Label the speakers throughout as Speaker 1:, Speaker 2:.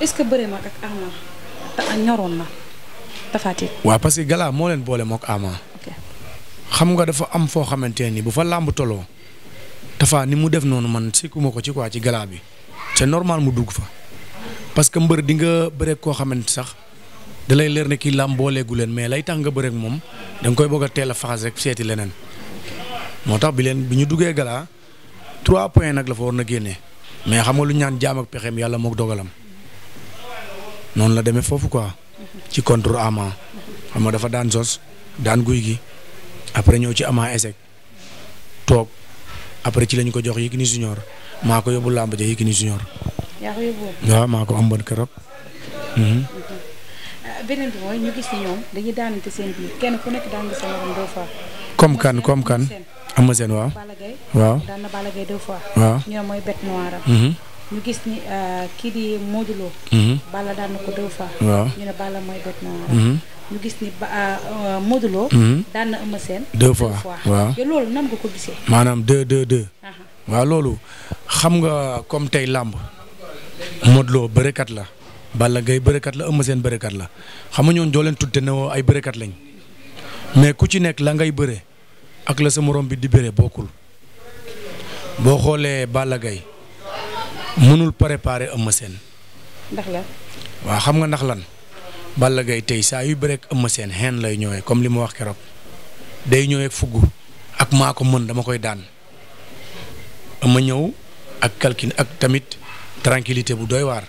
Speaker 1: est-ce que bëre ma ak Ama te
Speaker 2: waaw parce que Gala moo leen boole mook Ama. xam nga dafa am foo xamante ni bu fa làmb tolloo Tapha ni mu def noonu man sikkuma ko ci quoi ci galaa bi c'est normal mu dugg fa. parce que mbër di nga bëreeg koo xamante sax dalay lay leer ne kii làmb booleegu leen mais lay tax nga bëreeg moom da koy bëgg a teel a faxas rek seeti leneen moo tax bi leen bi ñu duggee Gala trois points nag la fa war na génnee mais xam nga lu ñaan jaam ak pexeem yàlla mook dogalam. noonu la demee foofu quoi. ci contre Ama. xam nga dafa daan sos daan guy gi après ñëw ci Ama échec toog après ci lañ ko jox Yékini Junior maa ko yóbbu làmb ja Yékini Junior.
Speaker 1: yaa ko yóbbu. waaw
Speaker 2: maa ko ëmboon keroog. Mhm. Ah, comme kan comme kan. am na seen waaw.
Speaker 1: waaw ñu gis ni euh, kii di mhm. daan na ko deux fois. waaw ñu loolu
Speaker 2: maanaam deux deux deux. loolu xam nga comme tey làmb Modou Lo bërekat la. Balla Gaye bërekat la Eumeu Sène bërekat la xam nga ñoon doo leen tudde ne ay bërekat lañ mais ku ci nekk la ngay bëree ak la sa moroom bi di bëre bokkul boo xoolee Balla Gaye mënul préparer Eumeu Sène. ndax lan. xam nga ndax lan. Balla gay tey saa yu bëreeg Eumeu seen xeen lay ñëwee comme li ma wax keroog day ñëwee fugg ak maa ko mën dama koy daan ama ñëw ak calcul ak tamit tranquillité bu doy waar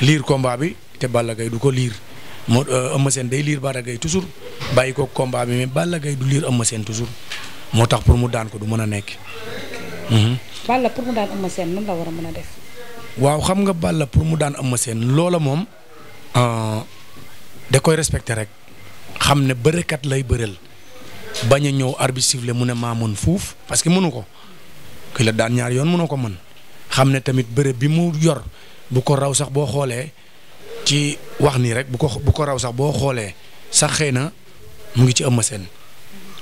Speaker 2: liir combat bi te Balla gay du ko liir moo euh, Eumeu Sène day liir Balla gay toujours bàyyi ko combat bi mais bàll Gaye du liir Eumeu Sène toujours moo tax pour mu daan ko du mën a nekk.
Speaker 1: Balla pour mu daan
Speaker 2: waaw xam nga Balla pour mu daan Eumeu seen loola moom. Euh, da koy respecté rek xam ne bërekat lay bëreel bañ a ñëw arbitre sifflé mu ne maa mën fuuf parce que mënu ko ki la daan ñaar yoon mënu ko mën xam ne tamit bëre bi mu yor bu ko raw sax boo xoolee ci wax nii rek bu ko bu ko raw sax boo xoolee sax xëy na mu ngi ci Eumeu Sène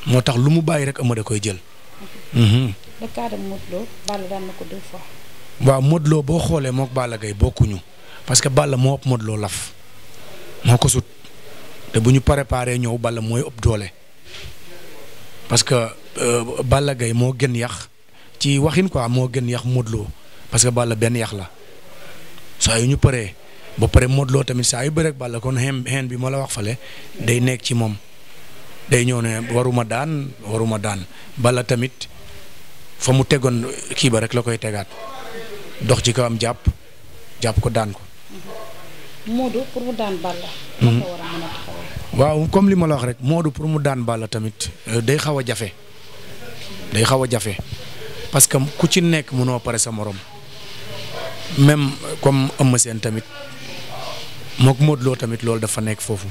Speaker 2: moo tax lu mu bàyyi rek Eumeu de koy jël.
Speaker 3: Mhm.
Speaker 1: le cas
Speaker 2: waaw Modou boo xoolee mook Balla Gaye bokkuñu parce que Balla moo ëpp Modou laf moo ko sut te bu ñu préparé ñëw Balla mooy ëpp doole parce que euh, Balla moo gën yax ci waxin quoi moo gën yax Modou Lo parce que Balla benn yax la saa yu ñu paree ba pare Modou tamit saa yu bëreeg Balla kon xeen xeen bi ma la wax fale day nekk ci moom day ñëw ne waruma daan waruma daan Balla tamit. fa mu tegoon kii ba rek la koy tegaat dox ci kaw am jàpp jàpp ko daan ko. Hmm. waaw comme li ma la wax rek Modou pour mu daan Balla tamit euh, day xaw a jafe day xaw a jafe parce que ku ci nekk mënoo pare sa moroom même comme Eumeu seen tamit mook Modou Lo tamit loolu dafa nekk foofu.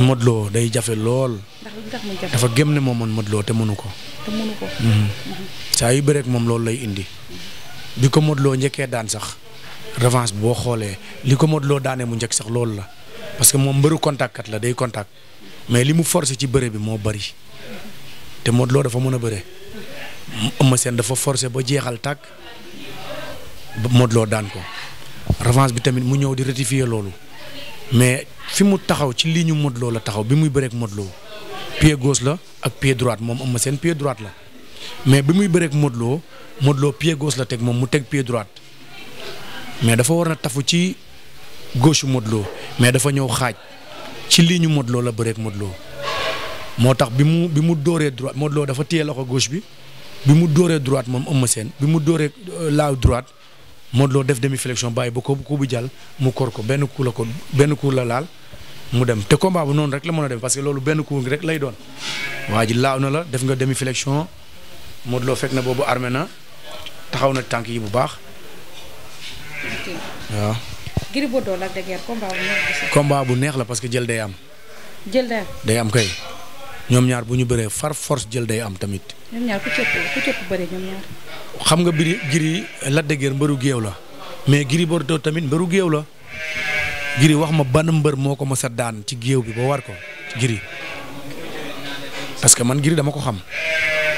Speaker 2: Modou Lo day jafe lool. dafa gëm ne moom mën Modou te mënu ko.
Speaker 4: te mënu ko. Mhm. Mhm.
Speaker 2: saa yu bëreek moom loolu lay indi. bi ko Modou njëkkee daan sax revanche boo xoolee li ko Modou Lo daanee mu njëkk sax loolu la parce que moom mbëru contact kat la day contact mais li mu forcé ci bëre bi moo bari te Modou dafa mën a bëre. Eumeu Sène dafa forcé ba jeexal tàkk ba Modou daan ko revanche bi tamit mu ñëw di rectifier loolu. mais fi mu taxaw ci lii ñu Modou la taxaw bi muy bëreek Modou Lo pied la ak pied droite moom Eumeu Sène pied droite la mais bi muy bëreek motloo Lo Modou Lo la teg moom mu teg pied droite mais dafa war tafu ci gauche Modou mais dafa ñëw xaaj ci lii ñu Modou la bëreek Modou moo tax bi mu bi mu dooree droite Modou dafa téye loxo gos bi bi mu dooree droite moom Eumeu Sène bi mu dooree euh, laaw droite Modou Lo def demi flexion bàyyi ba ko ku bu jàll mu kor ko benn coup la ko benn coup la laal mu dem te combat bu noonu rek la mën a dem parce que loolu benn coup rek lay doon waa ji laaw na la def nga demi flexion Modou Lo fekk na boobu armee na taxaw na tànk yi bu baax. waaw. Gris bu neex la parce que jël day am.
Speaker 1: jël day
Speaker 2: am day kay. ñoom ñaar bu ñu bëree far force jël day am tamit. xam nga biri Gris Lac de Guiers mbëru géew la mais Gris Bordeaux tamit mbëru géew la Gris wax ma ban mbër moo ko mës a daan ci géew bi ba war ko Gris parce que man Gris dama ko xam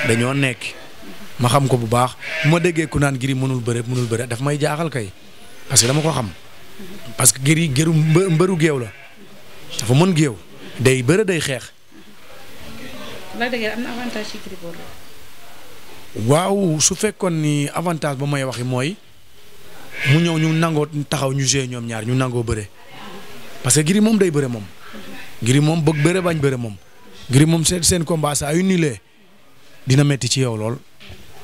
Speaker 2: dañoo nekk ma xam ko bu baax ma déggee ku naan giri mënul bëre mënul bëre daf may jaaxal kay parce que dama ko xam parce que Gris gëru mbëru géew la dafa mën géew day bëre day xeex. waaw su fekkoon ni avantage ba may waxi mooy mu ñëw ñu nangoo taxaw ñu joué ñoom ñaar ñu nangoo bëre parce que Gris moom day bëre moom Gris moom bëgg bëre bañ bëre moom Gris moom seen seen combat saa yu dina metti ci yow lool.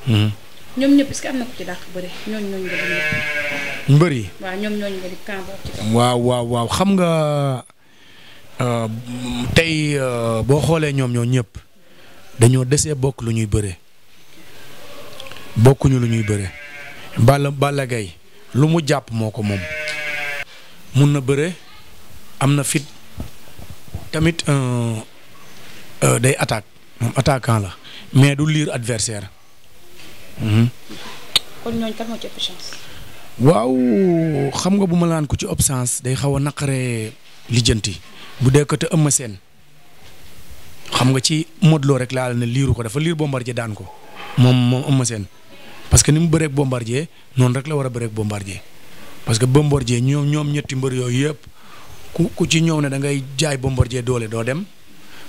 Speaker 2: Hmm. ñoom ñëpp mbër yi waaw waaw waaw xam nga euh, tey euh, boo xoolee ñoom ñoo ñëpp dañoo desee bokk lu ñuy bëre. bokkuñu lu ñuy bëre Balla Balla Gaye lu mu jàpp moo ko moom mun na bëre am na fit tamit euh, euh, day attaque moom la mais du liir adversaire mhm. kon ñooñu waaw xam nga bu ma laan ko ci ëpp chance day xaw a naqaree lijjanti bu dee côté Eumeu Sène xam nga ci Modou Lo rek laal na liiru ko dafa liir Bombardier daan ko moom moom Eumeu Sène parce que ni mu bëreeg bombardier noonu rek la war a bëreeg bombardier parce que bombardier ñoom ñoom ñetti mbër yooyu yëpp ku ku ci ñëw ne da ngay jaay bombardier doole doo dem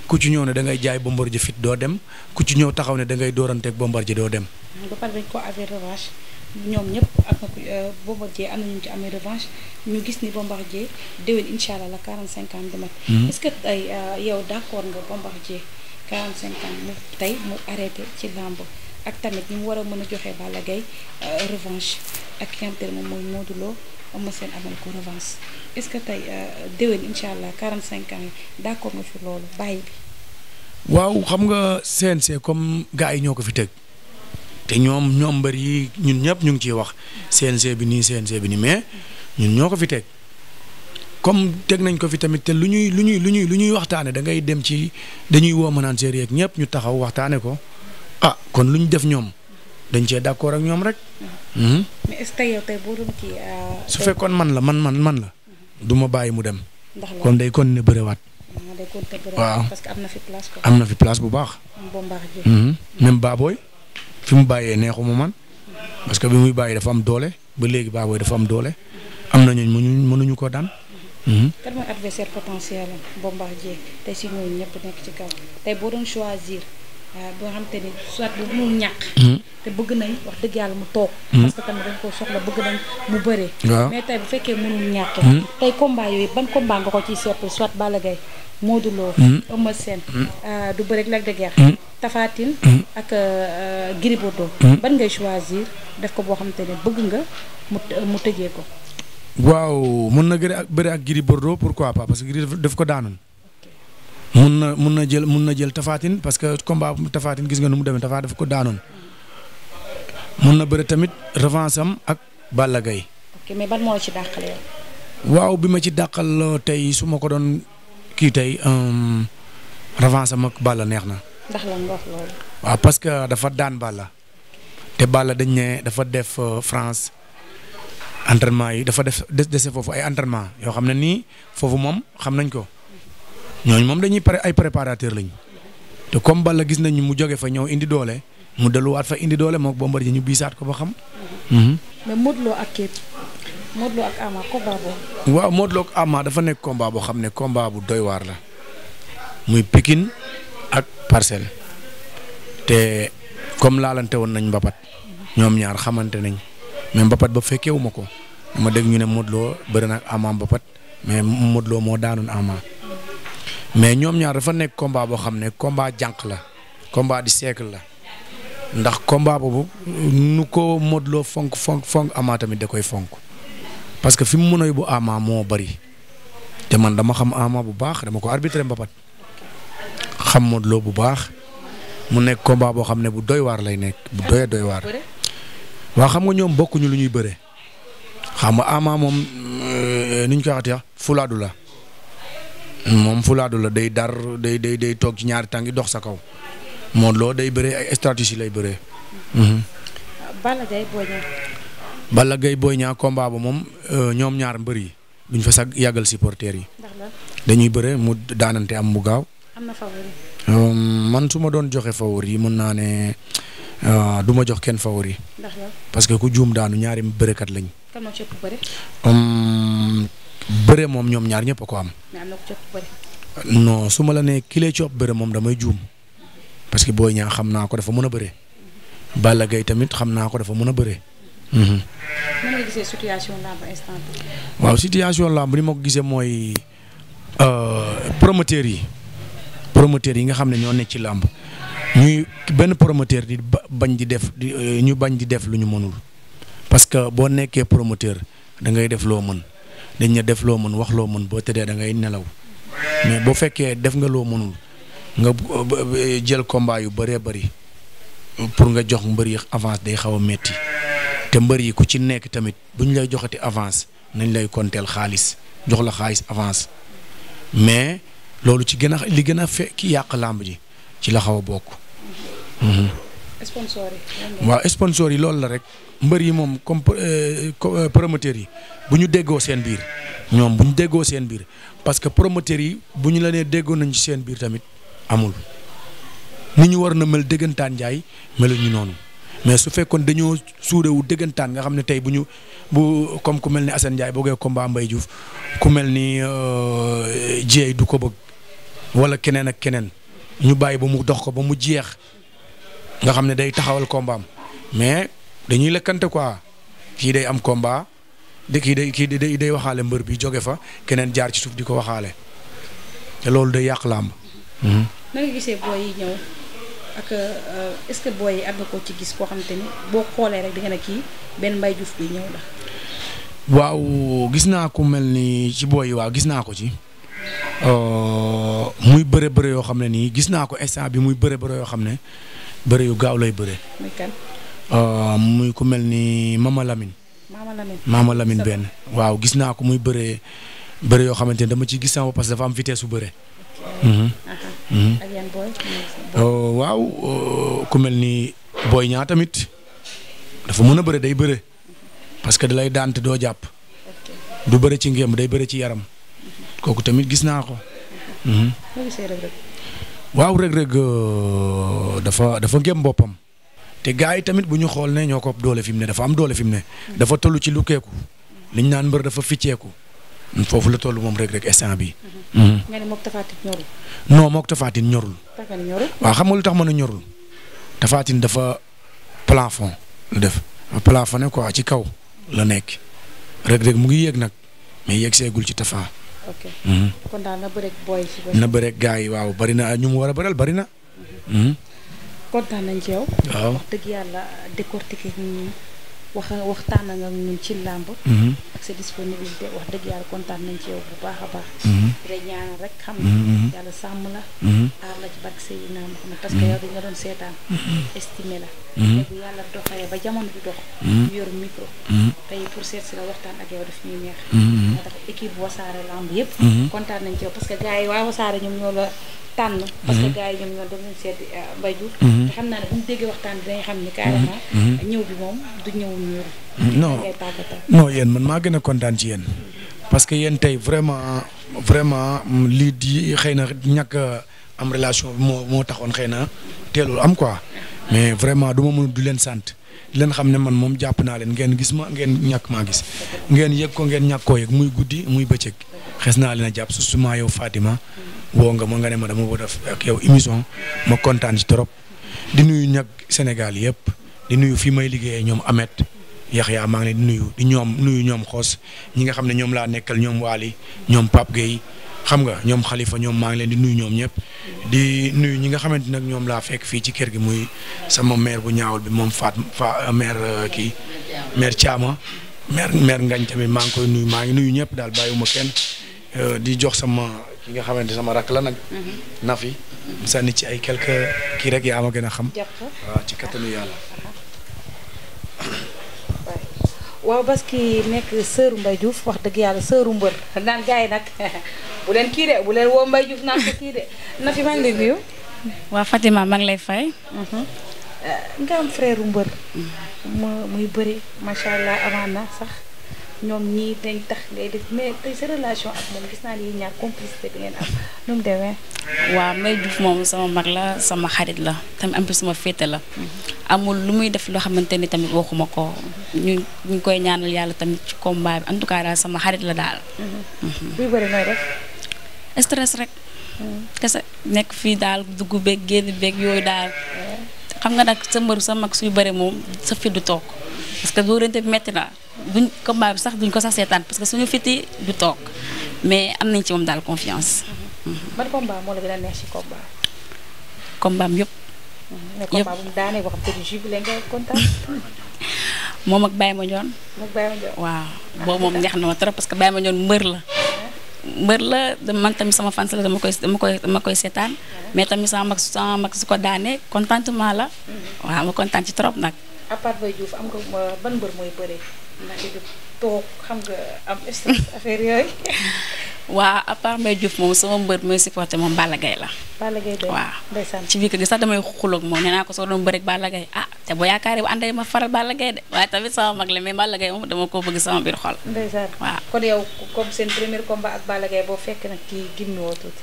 Speaker 2: ku ci ñëw ne dangay ngay jaay bombardier fit doo dem ku ci ñëw taxaw ne dangay ngay dooranteeg bombardier doo dem.
Speaker 1: ba pare dañ ko amee revanche ñoom ñëpp ak euh, bombardier am na ñu ñu gis ni bombardier déwén incha la 45 ans demet. Hmm. est-ce que euh, yow d'accord nga bombardier 45 ans mu ak tamit ni war a mën a joxe Balla Gaye euh, revanche ak ki nga xamante moom mooy Modou Lo Eumeu Sène amal ko revanche est-ce que tey euh, déwén incha allah quarante cinq yi d'accord nga fi loolu bàyyi
Speaker 2: waaw xam nga CNC comme gars yi ñoo ko fi teg te ñoom ñoom mbër yi ñun ñëpp ñu ngi ciy wax CNC bi nii CNC bi nii mais ñun ñoo ko fi teg comme teg nañ ko fi tamit te lu ñuy lu ñuy lu ñuy lu ñuy waxtaane da ngay dem ci dañuy woo mënaan séeréer yeeg ñëpp ñu taxaw waxtaane ko. ah kon lu ñu def ñoom dañ cee d'accord ak ñoom rek. Hmm? Euh, su fekkoon man la man man man la. Mhm. du ma bàyyi mu dem. kon day kon continuer bëriwaat.
Speaker 1: Mm, waaw parce que am
Speaker 2: na fi place bu baax. Hmm? même Baboy fi mu bàyyee neexuma man. parce que bi muy bàyyi dafa am doole ba léegi Baboy dafa am doole am na ñu mënuñu ko daan. Mhm. Hmm?
Speaker 1: kan mooy adversaire potentiel Euh, boo xam te ni soit bu mënul ñàkk. Hmm. te bëgg nañ wax dëgg yàlla mu toog. Hmm. parce que tamit dañ koo soxla bëgg nañ mu bëree. mais tey bu fekkee mënul ñàkk. Hmm. tey combat yooyu ban combat nga ko ciy seetlu soit Balla Gaye Modou Lo. Eumeu Sène. Euh, du bëri Lac de Guiers. Tapha ak euh, Gris Bordeaux. ban ngay choisir def ko boo xam te ne bëgg nga mu mu tëjee ko.
Speaker 2: waaw mën na gëri ak bëri ak Gris Bordeaux pourquoi pas parce que Gris daf ko daanoon. mun na mun na jël mun na jël tafaatin parce que combat tafaatin gis nga nu mu demee tafaa dafa ko daanoon mun na bëri tamit revence am ak Balla Gaye. ok waaw bi ma ci dàqal tey su ma ko doon kii tey euh, revanche am ak Balla neex na. waaw parce que dafa daan Balla te Balla dañ ne dafa def euh, France entraînement yi dafa def des dese foofu ay entraînement yoo xam ne nii foofu moom xam nañ ko. ñooñu moom dañuy pare ay préparateur lañu te comme la gis nañ mu jóge fa ñëw indi doole mu delluwaat fa indi doole moom Bombardier ñu biisaat ko ba xam. Mhm.
Speaker 1: mais Modou Ama
Speaker 2: waaw Modou Lo dafa nekk combat boo xam ne kombaa bu doy la muy Pikine ak Parcelles te comme laalante woon nañ mbapat ñoom ñaar xamante nañ mais mbapat ba fekkewuma ko dama dégg ñu ne Modou Lo bëri na ak mbapat mais Modou moo daanoon Ama. mais ñoom ñaar dafa nekk combat boo xam ne combat jànq la combat du siècle la ndax combat boobu nu ko Modou fonk fonk fonk Ama tamit da koy fonk parce que fi mu mën bu yóbbu moo bëri te man dama xam Ama bu baax dama ko arbitré mbapat xam Modou bu baax mu nekk combat boo xam ne bu doy waar lay nekk bu doyee doy waar waa xam nga ñoom bokkuñu lu ñuy bëre xam nga Ama moom euh, ni ñu koy waxati fulaadu la moom fulaadu la day dar day day day toog ci ñaari tànk dox sa kaw moo lool day bëree ay stratégie lay bëree.
Speaker 1: Mhm. Balla gay Boy
Speaker 2: Niang. Balla ba moom euh, ñoom ñaar mbër yi duñ fa sag yàggal supporters yi. dañuy bëre mu daanante am mu gaaw. Euh, man su ma doon joxe yi mën naa ne euh, du ma jox kenn favori. parce que ku juum daanu ñaari bërëkat lañ. bëre moom ñoom ñaar ñëpp a ko am. no su ma la nee ki lay coop bëre moom damay juum parce que Boy Niang xam naa ko dafa mën a bëre. Balla Gaye tamit xam naa ko dafa mën a bëre.
Speaker 3: mën mhm.
Speaker 1: nga lamb instant
Speaker 2: waaw situation lamb ni ma ko gisee mooy euh, promoteurs yi promoteurs yi nga xam ne ñoo nekk ci làmb ñuy benn promoteur di bañ di def euh, ñu bañ di def lu ñu mënul parce que boo nekkee promoteur da ngay def loo mën. dañ la def loo mën wax loo mën boo tëddee da ngay nelaw mais bu fekkee def nga loo mënul nga jël combat yu bëree bëri pour nga jox mbër avance day xaw a métti te mbëri yi ku ci nekk tamit bu ñu lay joxati avance nañ lay konteel xaalis jox la xaalis avance mais loolu ci gën a li gën a fekk yàq làmb ji ci la xaw a bokk. Mhm.
Speaker 1: sponsor yi. waaw
Speaker 2: sponsor yi loolu la rek mbër yi moom comme euh, euh, promoteurs yi bu ñu déggoo seen biir ñoom bu ñu déggoo seen biir parce que promoteurs yi bu ñu la nee déggoo nañ ci seen biir tamit amul ni ñu war na mel dëggantaan njaay meluñu noonu. mais su fekkoon dañoo suurewu dëggantaan nga xam ne tey bu ñu bu comme ku mel ni Assane Ndiaye boogee combat ambay Diouf ku mel ni euh, Dieye du ko bëgg wala keneen ak keneen ñu bàyyi ba mu dox ko ba mu jeex nga xam ne day taxawal kombaam mais dañuy lëkkante quoi kii day am combat de kii day kii day day waxaale mbër bi jóge fa keneen jaar ci suuf di ko waxaale te loolu day yàq làmb.
Speaker 3: Mhm.
Speaker 1: na gisee booy yi ñëw ak euh, est-ce booy yi am na ko ci gis koo xamante ni boo xoolee rek di ne kii benn Mbaye Diouf bi ñëw la.
Speaker 2: waaw gis naa ko mel ni ci booy yi waa gis naa ko ci. Euh, muy bëre bëre yoo xam ne nii gis naa ko instant bi muy bëre bëre yoo xam ne. bëre yu gaaw lay bëre. muy euh, muy ku mel ni Mama Lamine. Mama Lamine benn. waaw gis naa ko muy bëree bëre yoo xamante ne dama ci gis sama parce que dafa am vitesse su bëre.
Speaker 5: Mhm. Uh-huh. Mhm.
Speaker 2: Euh, waaw euh, ku mel ni booy ñaa tamit dafa mën a bëre day bëre parce que dalay daan te doo jàpp. du bëre ci ngéem day bëre ci yaram. Mhm. kooku tamit gis naa ko. Uh-huh. waaw Reug Reug euh, dafa dafa gëm boppam te gars yi tamit bu ñu xool ne ñoo ko doole fi ne dafa am doole fi ne dafa tollu ci lu keeku liñ naan mbër dafa ficceeku foofu la toll moom Reug Reug instant bi
Speaker 5: mm-hmm.
Speaker 1: nga ne mook
Speaker 2: Tapha ñorul. waa mook tax mën a ñorul. Tapha dafa dafa plafond lu def plafonné quoi ci kaw la nekk Reug Reug mu ngi yéeg nag mais yéeg seegul ci Tapha ok. Mhm.
Speaker 1: kon daal na bëreeg booy na
Speaker 2: bëreeg gaa yi waaw bari na ñu mu war a bëral bari na. Mhm.
Speaker 1: kontaan nañ ci yow.
Speaker 2: waaw
Speaker 5: wax
Speaker 1: dëgg yàlla décortiquer ñu wax waxtaan nga ñun ci làmb. Mhm. ak sa disponibilité wax dëgg yàlla kontaan nañ ci yow bu baax a baax. di la ñaanal rek mhm, mhm. sàmm la. Mhm. aar la ci barke Seydina Muhammad parce seetaan. estimé la. te bu ba jamono bi dox. ñu yor micro. pour seet waxtaan ak yow daf ñuy neex. moo tax équipe yëpp. kontaan nañ ci parce que gars yi waa wasaare ñoom ñoo tànn parce que seet euh, Mbaye Diouf te xam naa ne bu ñu déggee waxtaan bi dañuy xam ni carrément ñëw bi moom du ñëw ñëw non
Speaker 2: non man maa gën a kontaan ci yéen parce que yéen tey vraiment vraiment lii di xëy na ñàkk am relation bi moo moo taxoon xëy na teelul am quoi
Speaker 4: mais vraiment
Speaker 2: duma ma mën du leen sant leen xam ne man moom jàpp naa leen ngeen gis ma ngeen ñàkk maa gis ngeen yëg ko ngeen ñàkk koo yëg muy guddi muy bëccëg xes naa leen a jàpp su suma yow Fatima woo nga ma nga ne ma dama bëgg a def ak yow émission ma kontaan ci trop di nuyu ñag Sénégal yëpp di nuyu fi may liggéeyee ñoom Ameth Yaxya maa ngi leen di nuyu di ñoom nuyu ñoom xoos ñi nga xam ne ñoom laa nekkal ñoom waali ñoom pap Gueye xam nga ñoom xalifa ñoom maa ngi leen di nuyu ñoom ñëpp di nuyu ñi nga xamante nag ñoom laa fekk fii ci kër gi muy sama maire bu ñaawul bi moom Fat Fa euh, maire euh, kii maire Thiama maire maire Ngañ tamit maa ngi koy nuyu maa ngi nuyu ñëpp daal bàyyiwuma kenn euh, di jox sama ki nga xamante sama rakk la nag. Mhm. Nafi sànni ci ay quelque kii rek yaa ma gën a xam. waaw ci kattanu yàlla.
Speaker 1: waaw Baski nekk sëru Mbaye Diouf wax dëgg yàlla sëru mbër naan gars nag bu leen kii de bu leen woo Mbaye Diouf naan ko kii de na fi maa ngi lay nuyu.
Speaker 5: Fatima maa lay fay.
Speaker 1: Mhm. Euh, nga am frère mbër. muy bëri macha allah avant na sax. ñoom ñii day tax ngay def mais tey sa relation ak moom gis naa ne ñaar complicité bi ngeen am
Speaker 5: waaw Mbaye Diouf moom sama mag la sama xarit la tamit am sama féete la. lu muy def loo xamante ni tamit waxuma ko. ñu ñu koy ñaanal yàlla tamit ci combat bi en tout cas daal sama xarit la daal.
Speaker 1: buy mm-hmm. bëri nooy def.
Speaker 5: stress rek. Mm-hmm. kese nekk fii daal dugg beeg génn beeg yooyu daal. Mm-hmm. xam nga nag sa mbër sa mag suy bëri moom sa fi du toog parce que dóorante metti na. duñ combat bi sax duñ ko sax seetaan parce que suñu fiti du toog mais am nañ ci moom daal confiance.
Speaker 1: ban combat moo a neex yëpp. yëpp
Speaker 5: moom ak Baye ma moom
Speaker 1: ak Baye waaw.
Speaker 5: boobu moom neex na ma trop parce que Baye Mandione mbër la. mbër la man tamit sama fans la dama koy dama koy dama koy seetaan. mais tamit sama mag sama mag su ko daanee contentement la. Mm-hmm. waaw ma kontaan ci trop nag.
Speaker 1: ndax xam nga affaire yooyu.
Speaker 5: waa à part Mbaye moom sama mbër mooy supporté moom Balla gay la.
Speaker 1: Balla Gaye waaw
Speaker 5: ci biir kër gi sax damay xuloog moom nee naa ko soo doon bëreeg Balla Gaye ah te bu yaakaaree bu àndee ma faral Balla Gaye de waaye tamit sama mag la mais Balla Gaye moom dama ko bëgg sama biir xol.
Speaker 1: ndeysaan kon yow comme seen premier combat ak Balla Gaye boo fekk nag kii gimmi woo tuuti.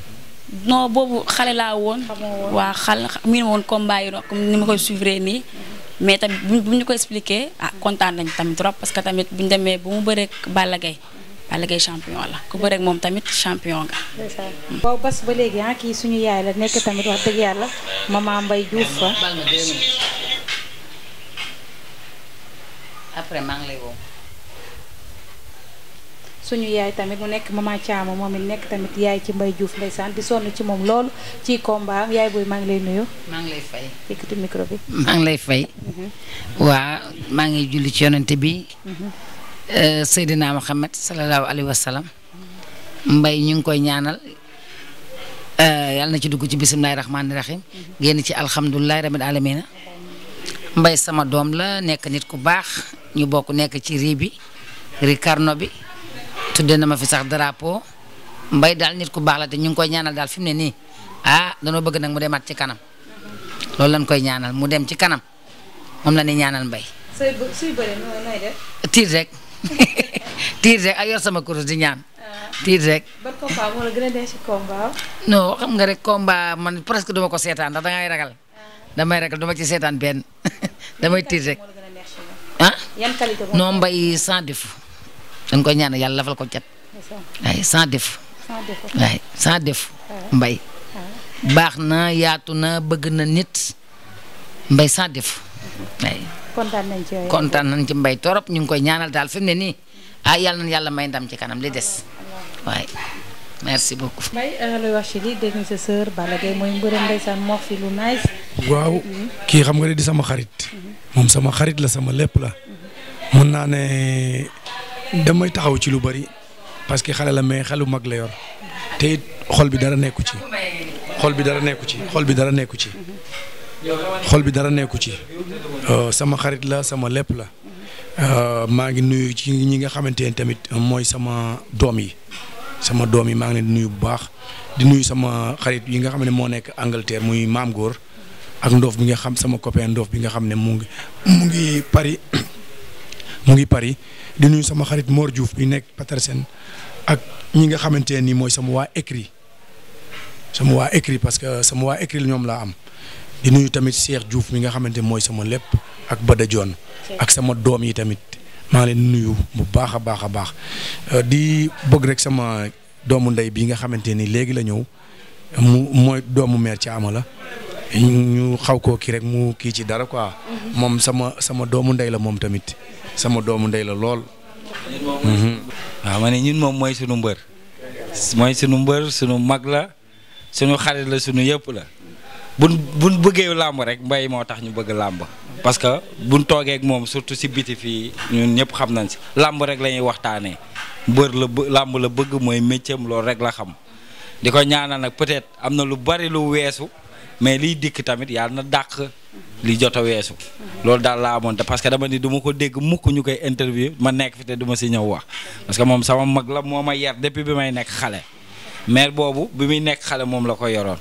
Speaker 1: non boobu xale laa woon. xamoo
Speaker 5: woon xal miin combat yi comme ni ma koy suivre nii. Mm-hmm. mais tamit bu ñu ko expliqué ah kontaan nañ tamit trop parce que tamit bu ñu demee bu mu bëreek Balla Gaye Balla Gaye champion la ku bëreeg moom tamit champion nga.
Speaker 1: waaw bas ba léegi ah kii suñu yaay la nekk tamit wax dëgg yàlla maman mbay Diouf fa.
Speaker 3: après maa ngi lay woo.
Speaker 1: suñu yaay tamit mu nekk mama Thiam moom it nekk tamit yaay ci Mbaye Diouf ndeysaan bi sonn ci moom loolu ci combat yaay booy maa lay nuyu. maa ngi lay fay. yëkkati micro
Speaker 3: ngi lay fay. Mhm. maa ngi julli ci yonent bi. Mhm. Eh, Seydina Mohamed sallallahu alayhi wa sallam. Mbaye ñu ngi koy ñaanal. Eh, yàlla na ci dugg ci bisimilahi rahmaani rahim mhm. génn ci alhamdulilahi rabil alamina mbay sama doom la nekk nit ku baax ñu bokk nekk ci ri bi ricarno bi tudde na ma fi sax drapeau mbay daal nit ku baax la te ñu ngi koy ñaanal daal fi mu ne nii ah danoo bëgg nag mu demaat ci kanam loolu lañ koy ñaanal mu dem ci kanam moom la ñaanal mbay.
Speaker 1: suy suy bëri nooy
Speaker 3: def. rek tiit ak yor sama kurus di ñaan. Ah. tiit rek.
Speaker 1: ban combat
Speaker 3: xam nga rek combat man presque duma ko seetaan ndax dangay ragal. Ah. damay ragal duma ci seetaan benn damay tiit rek. ah yan qualité non mbay sans défaut. dañ koy ñaan yàlla lafal ko cat. waaye sans def. mbay baax na yaatu na bëgg na nit mbay sans def. kontaan nañ ci mbay torop ñu ngi koy ñaanal daal fi ne nii ah yàlla na yàlla may ndam ci kanam li des waaye. merci beaucoup. Euh,
Speaker 2: waaw kii xam nga ne di sama xarit. Mhm. moom sama xarit la sama lépp la. Mhm. mun naa ne damay taxaw ci lu bari parce que xale la mais xelu mag la yor te it xol bi dara nekku ci xol bi dara nekku ci xol bi dara nekku ci xol bi dara nekku ci euh, sama xarit la sama lépp la euh, maa ngi nuyu ci ñi nga xamante ne tamit mooy sama doom yi sama doom yi maa ngi nuyu bu baax di nuyu sama xarit yi nga xam ne moo nekk Angleterre muy maam góor ak ndoof bi nga xam sama copain ndoof bi nga xam ne mu ngi mu ngi Paris mu ngi Paris di nuyu sama xarit Mor Diouf bi nekk Patersen ak ñi nga xamante ne nii mooy sama waa écrit sama waa écrit parce que sama waa écrit ñoom laa am di nuyu tamit Cheikh Diouf mi nga xamante mooy sama lépp ak Bada Dione ak sama doom yi tamit maa ngi leen nuyu bu baax a baax a baax euh, di bëgg rek sama doomu ndey bi nga xamante ni léegi la ñëw mu mooy doomu mère Thiama la ñu xaw koo kii rek mu kii ci dara quoi. Mhm. moom sama sama doomu ndey la moom tamit sama doomu ndey la lool. Mhm.
Speaker 4: waaw ma ne ñun moom mooy sunu mbër. mooy sunu mbër sunu mag la sunu xarit la sunu yëpp la bu buñ bëggee làmb rek mbay moo tax ñu bëgg làmb parce que buñ toogeek moom surtout si biti fii ñun ñëpp xam nañ si làmb rek la ñuy waxtaanee mbër la làmb la bëgg mooy métier am loolu rek la xam di ko ñaanal nag peut am na lu bari lu weesu. mais liy dikk tamit yàlla na dàq li jot a weesu. loolu daal laa amoon te parce que dama ni duma ko dégg mukk ñu koy interview ma nekk fi te duma ma si ñëw wax parce que moom sama mag la moo ma yar depuis bi may nekk xale. mais boobu bi muy nekk xale moom la ko yoroon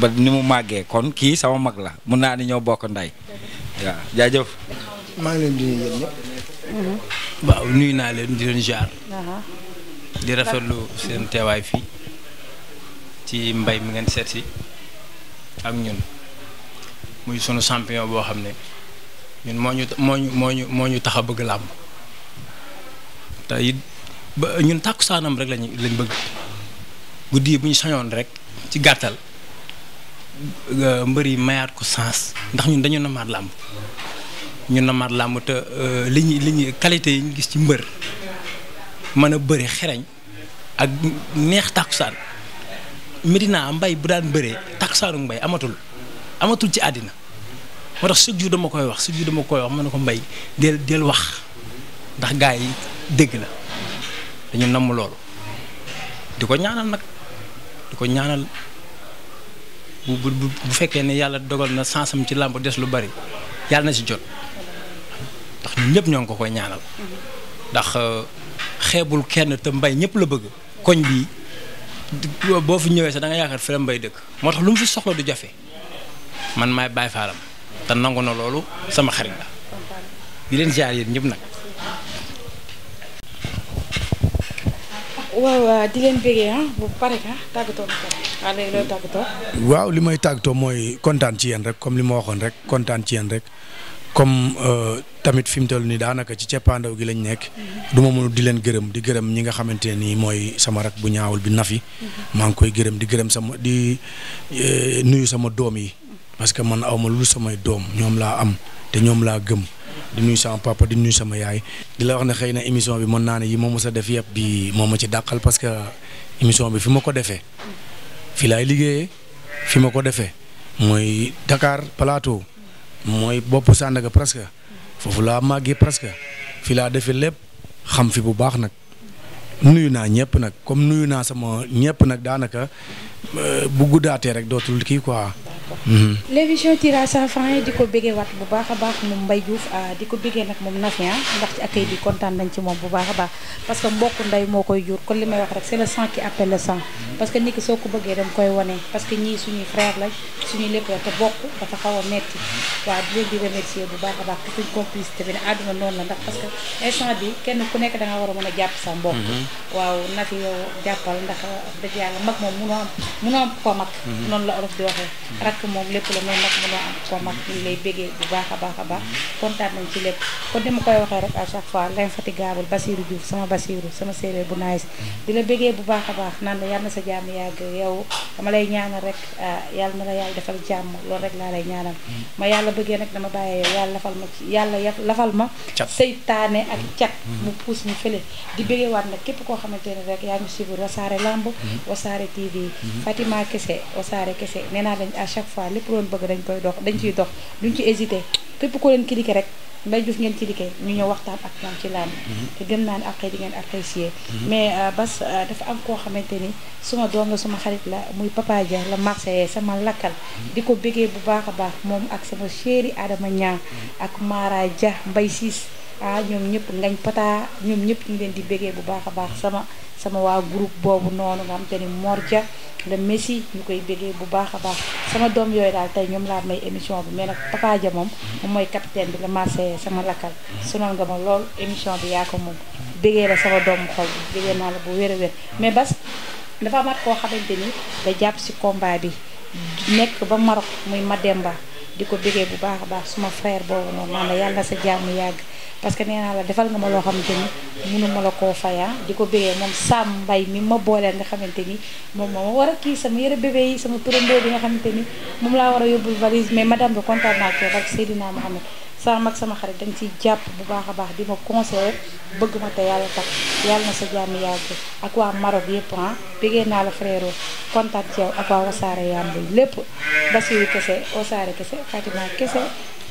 Speaker 4: ba ni mu màggee kon kii sama mag la mun naa ni ñoo bokk ndey waaw jaajëf. di nuyu yéen ñëpp. waaw nuyu naa leen di leen jaar.
Speaker 3: di rafetlu seen
Speaker 4: teewaay fii ci mbay mi ngeen seet ak ñun muy sunu champion boo xam ne ñun moo ñu moo ñu moo ñu moo bëgg làmb te it ba ñun tàkkusaanam rek lañ lañ bëgg guddi yi bu ñu sañoon rek ci gàttal mbër yi mayaat ko sens ndax ñun dañu namaat làmb ñu namaat làmb te euh, li ñuy li ñuy qualité yi ñu gis ci mbër mën a bari xereñ ak neex tàkkusaan Medina mbay bu daan bëree taksaanu mbay amatul amatul ci àddina moo tax chaque jour dama koy wax chaque jour dama koy wax ma ne ko mbay del del wax ndax gaa yi dégg la dañu namm loolu di ko ñaanal nag di ko ñaanal bu bu bu fekkee ne yàlla dogal na sansam ci làmb des lu bari yàlla na si jot ndax ñun ñëpp ñoo ngi ko koy ñaanal ndax euh, xeebul kenn te mbay ñëpp la bëgg koñ bi boo fi ñëwee sax da nga yaakaar fi la dëkk moo tax lu mu fi soxla du jafe man maay baay faalam te nangu na loolu sama xarit la di leen ziar yéen ñëpp nag.
Speaker 1: waaw
Speaker 2: ah, li may tàggatoo mooy kontaan ci yéen rek comme li ma waxoon rek kontaan ci yéen rek comme euh, tamit fi mu toll nii daanaka ci ceppaandaw gi lañ nekk du ma mënul di leen gërëm di gërëm ñi nga xamante ne nii mooy sama rak bu ñaawul bi Nafi maa ngi koy gërëm di gërëm sama di euh, nuyu sama doom yi parce que man awma lu samay doom ñoom laa am te ñoom laa gëm di nuyu sama papa di nuyu sama yaay di la wax ne xëy na émission bi mën naa ne yi ma mës a def yëpp bii moom ma ci dàqal parce que émission bi fi ma ko defee fi laay liggéeyee fi ma ko defee mooy Dakar Plateau mooy bopp Sandaga presque foofu laa màggee presque fi laa defee lépp xam fi bu baax nag nuyu naa ñëpp nag comme nuyu naa sama ñëpp nag daanaka euh, bu guddaatee rek dootul kii quoi
Speaker 3: ko mm-hmm.
Speaker 1: l'émission tira sa fin di ko béggee wat bu baax a baax moom Mbaye ah, ko béggee nag moom Nafia ndax ci accueil kontaan nañ ci moom bu baax a baax parce que mbokk ndey moo koy jur kon li may wax rek c'est le sang que nit soo ko bëggee danga koy wonee parce que ñii suñuy frère lañ suñuy lépp la te bokk a metti waaw di leen bu baax a baax te suñ complicité bi ne àdduna noonu la ndax parce que instant bi kenn ku nekk da nga war a mën a jàpp sa mbokk mm-hmm. waaw nag yow jàppal ndax dëgg yàlla mag moom munoo am munoo am ko mag mm-hmm. noonu la olof di waxee ñàkk moom lépp la mooy nag mënoo am ko mag ñu lay bégee bu baax a baax a baax kontaan nañ ci lépp kon dama koy waxee rek à chaque fois l'infatigable Basirou Diouf sama Basirou sama séeréer bu naagis di la bégee bu baax a baax naan la yàlla na sa jàmm yàgg yow dama lay ñaanal rek ah, yàlla na la yàlla defal jàmm loolu rek laa lay ma yàlla bëggee nag dama bàyyee lafal ma ci yàlla lafal ma seytaane ak mm-hmm. cat mm-hmm. mu puus mu fële di béggeewaat nag képp koo xamante ne rek yaa ngi suivre Wassare Lamb mm-hmm. Wassare TV Fatima Kese Wassare Kese nee naa à chaque chaque fois lépp loon bëgg dañ koy dox dañ ciy dox duñ ci hésité fépp ko leen cliqué rek Mbaye Diouf ngeen cliqué ñu ñëw waxtaan ak moom ci làmb mhm. te gëm naa ne di ngeen apprécier mhm. mais euh, bas euh, dafa am koo xamante ni suma doom la suma xarit la muy Papa Dia la Marseillais sama lakkal mhm. di ko bégee bu baax a baax moom ak sama chéri aadama ñaar ak Mara Dia mbay Ciss ah ñoom ñëpp ngañ pata ñoom ñëpp ñu leen di bégee bu baax a baax sama sama waa group boobu noonu nga xam te ni Morja le Messi ñu koy bégee bu baax a baax sama doom yooyu daal tey ñoom laa may émission bi mais nag papa ja moom moom mooy capitaine bi la marché sama lakkal sonal nga ma lool émission bi yaa ko moom bégee la sama doomu xol bi bégee naa la bu wér a wér mais bas dafa mat koo xamante ni da jàpp si combat bi nekk ba Maroc muy ma Mademba di ko bégee bu baax a baax suma frère boobu noonu naan la yàlla na sa jàmm yàgg parce que nee naa la defal nga ma loo xamante ni mënu ma la koo faya di ko bégee moom Sam mbay mi ma booleel nga xamante ni moom moo ma war a kii sama yëre bébé yi sama turandoo bi nga xamante ni moom laa war a yóbbul valise mais madame bi kontaan naa ak Seydina Mohamed saa mag sama xarit dañ ciy jàpp bu baax a baax di ma conseiller bëgg ma te yàlla tax yàlla na sa jàmm yàgg ak waa Maroc yëpp ah bégee naa la frère kontaan ci yow ak waa Wassare Yamb lépp Basiru kese